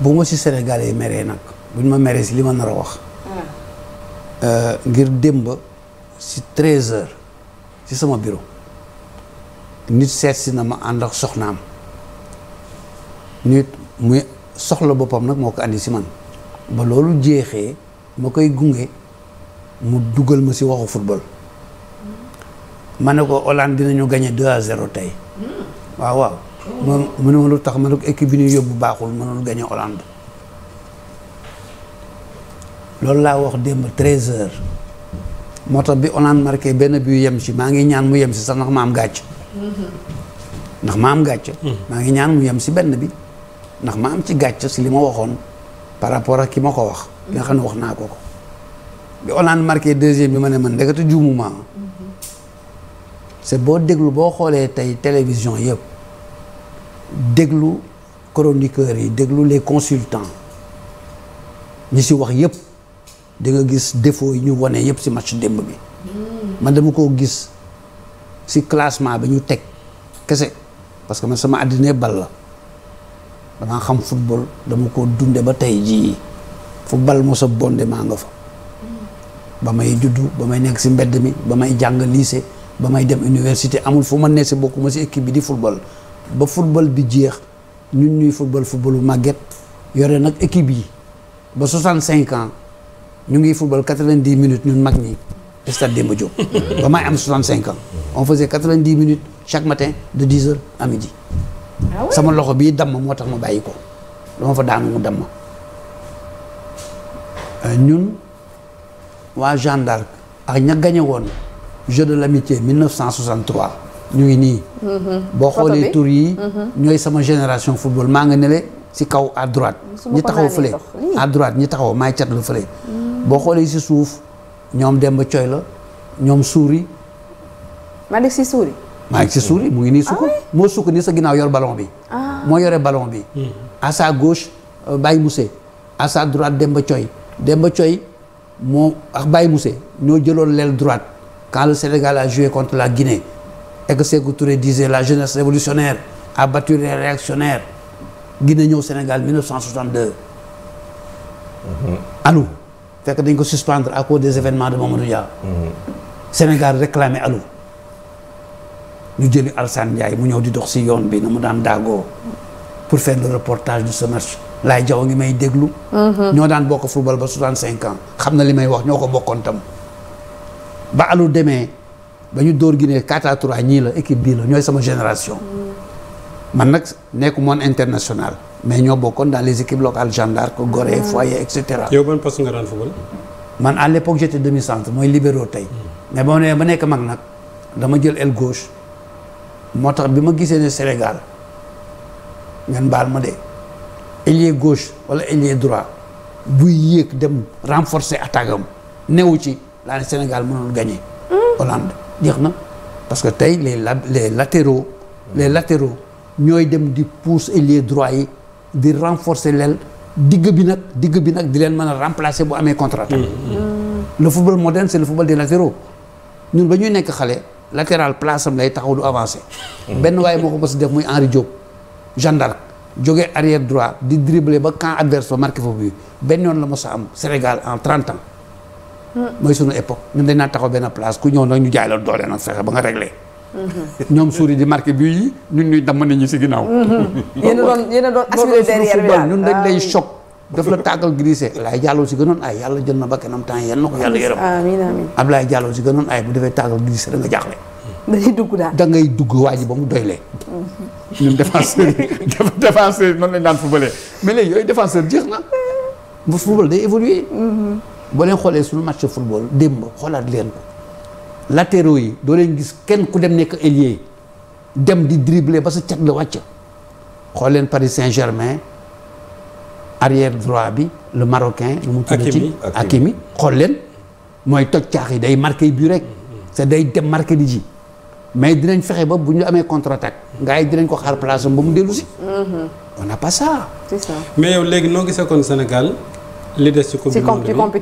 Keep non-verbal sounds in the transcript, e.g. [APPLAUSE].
bu ma ci Sénégalais yi meree nag buñ ma meree si li ma nar a wax. Ah. ngir démb si 13h si sama bureau nit seet si na ma ànd ak soxnaam nit muy soxla boppam nag moo ko andi si man ba loolu jeexee ma koy gunge mu dugal ma si waxu football. Hmm. ma ne ko Hollande dinañu gagné 2 à 0 tey hmm. waaw waaw. mu ne lu tax ma ne ko bi ñuy yóbbu baaxul mënul gagné Hollande loolu laa wax démb 13h moo tax bi Hollande marqué benn bu yem si maa ngi ñaan mu yem si sax ndax ma am gàcc ndax ma am gàcc maa ngi ñaan mu yem si benn bi ndax ma am ci gàcc si li ma waxoon par rapport ak ki ma ko wax ki nga xam ne wax naa ko ko bi Hollande marqué deuxième bi ma ne man ndekete juumuma se boo déglu boo xoolee tey télévision yëpp déglu chroniqueurs yi déglu les consultants ñi si wax yépp di nga gis défaut yi ñu wane yépp si match démb bi mm. man dama koo gis si classement bi ñu teg kese parce que man sama àddine bal la damaa xam football dama ko dunde ba tey jii football moo sa bonde maa nga fa mm. ba may juddu ba may nekk si mbedd mi ba may jàng lycée ba may dem université amul fu ma ne ci ma ci équipe bi di football ba football bi jeex ñun ñuy football footballu màgget yore nag équipe yi ba 65 ans ñu ngi football 90 minutes ñun mag ñi stade Demba Diop [LAUGHS] ba may am 65 ans on faisait 90 minutes chaque matin de 10 heures à midi ah sama loxo bii damm moo tax ma bàyyi ko dama fa daanu mu damm euh, ñun waa Jeanne d'Arc ak ña gañe woon jeu de l'amitié 1963 ñu ngi nii. Mm-hmm. boo xoolee tur yi. Mm-hmm. ñooy sama génération football maa nga nele si kaw à droite. ñi taxaw fële à droite ñi taxaw maay cat la fële. Mm. boo xoolee si suuf ñoom Demba Coy la ñoom Suuri. maa ngi si Suuri. maa ngi si Suuri mu ngi nii sukk ah moo sukk ni sa ginnaaw yor ballon bi. Ah. moo yore ballon bi. Mm-hmm. à sa gauche euh, Baye Moussé à sa droite Demba Coy Demba Coy moo ak Baye Moussé ñoo jëloon l'aile droite quand le Sénégal a joué contre la Guinée. et que Sékou Touré la jeunesse révolutionnaire a battu les réactionnaires Guinée ñëw Sénégal 1962. Mm-hmm. Alou fekk dañ ko suspendre à cause des événements de Mamadou Dia. Mm-hmm. Sénégal réclamé Alou. ñu jëli Alsane Ndiaye mu ñëw di dox si yoon bi na mu daan daagoo pour faire le reportage de ce laay jaww ngi may déglu. Mm-hmm. ñoo daan bokk football ba 65 ans xam na li may wax ñoo ko bokkoon tam. ba Alou demee. ba ñu dóor Guinée 4 à 3 ñii la équipe bii la ñooy sama génération man nag nekku moon international mais ñoo bokkoon daal les équipes locales Jeanne d'Arc Gorée mm. Foyer et cetera. yow ban poste nga daan football. man à l'époque j'étais demi centre mooy libéro tey. Mm. mais ba ma nekk mag nag dama jël aile gauche moo tax bi ma gisee ne Sénégal ngeen baal ma de ailier gauche wala ailier droit buy yéeg dem renforcer attaque am newu ci laa ne Sénégal mënul gagner mm. Hollande. jeex na parce que tey les les latéraux les latéraux ñooy dem di pousse ailier droit yi di renforcer leel digg bi nag digg bi nag di leen mën a remplacer bu amee contre-attaque mm, mm. le football moderne c'est le football des latéraux ñun ba ñuy nekk xale latéral place am lay taxaw du avancer mm. benn waaye moo ko mos def muy Henri Diop Jeanne d'Arc arrière droit di dribbler ba camp adverse ba marqué foofu bi benn yoon la mos sa am Sénégal en trente mooy suñu époque ñun dañ naan taxaw benn place ku ñëw nag ñu jaay la doole nag fexe ba nga réglé. ñoom suuri di marqué bii yi ñun ñuy damm nit [LAUGHS] a a da ah, nga jaaxle. da ngay dugg waa ji ba mu doyle. ñun [LAUGHS] noonu lañ daan footballé mais yooyu défenseur jeex na. football day évoluer boo leen xoolee suñu match football démb xoolaat leen ko latéraux yi doo leen gis kenn ku dem nekk ailier dem di dribbler ba sa cat la wàcc xool leen Paris Saint-Germain arrière droit bi lu marocain lu mu tudd ci Hakimi xool leen mooy toj caax yi day marqué bi rek c'est day dem marqué di ji mais dinañ fexe ba bu ñu amee contre-attaque gars yi dinañ ko xaar place ba mu dellu si mm-hmm. on n'a mais yow léegi noo gisee kon Sénégal li des ci coupe du monde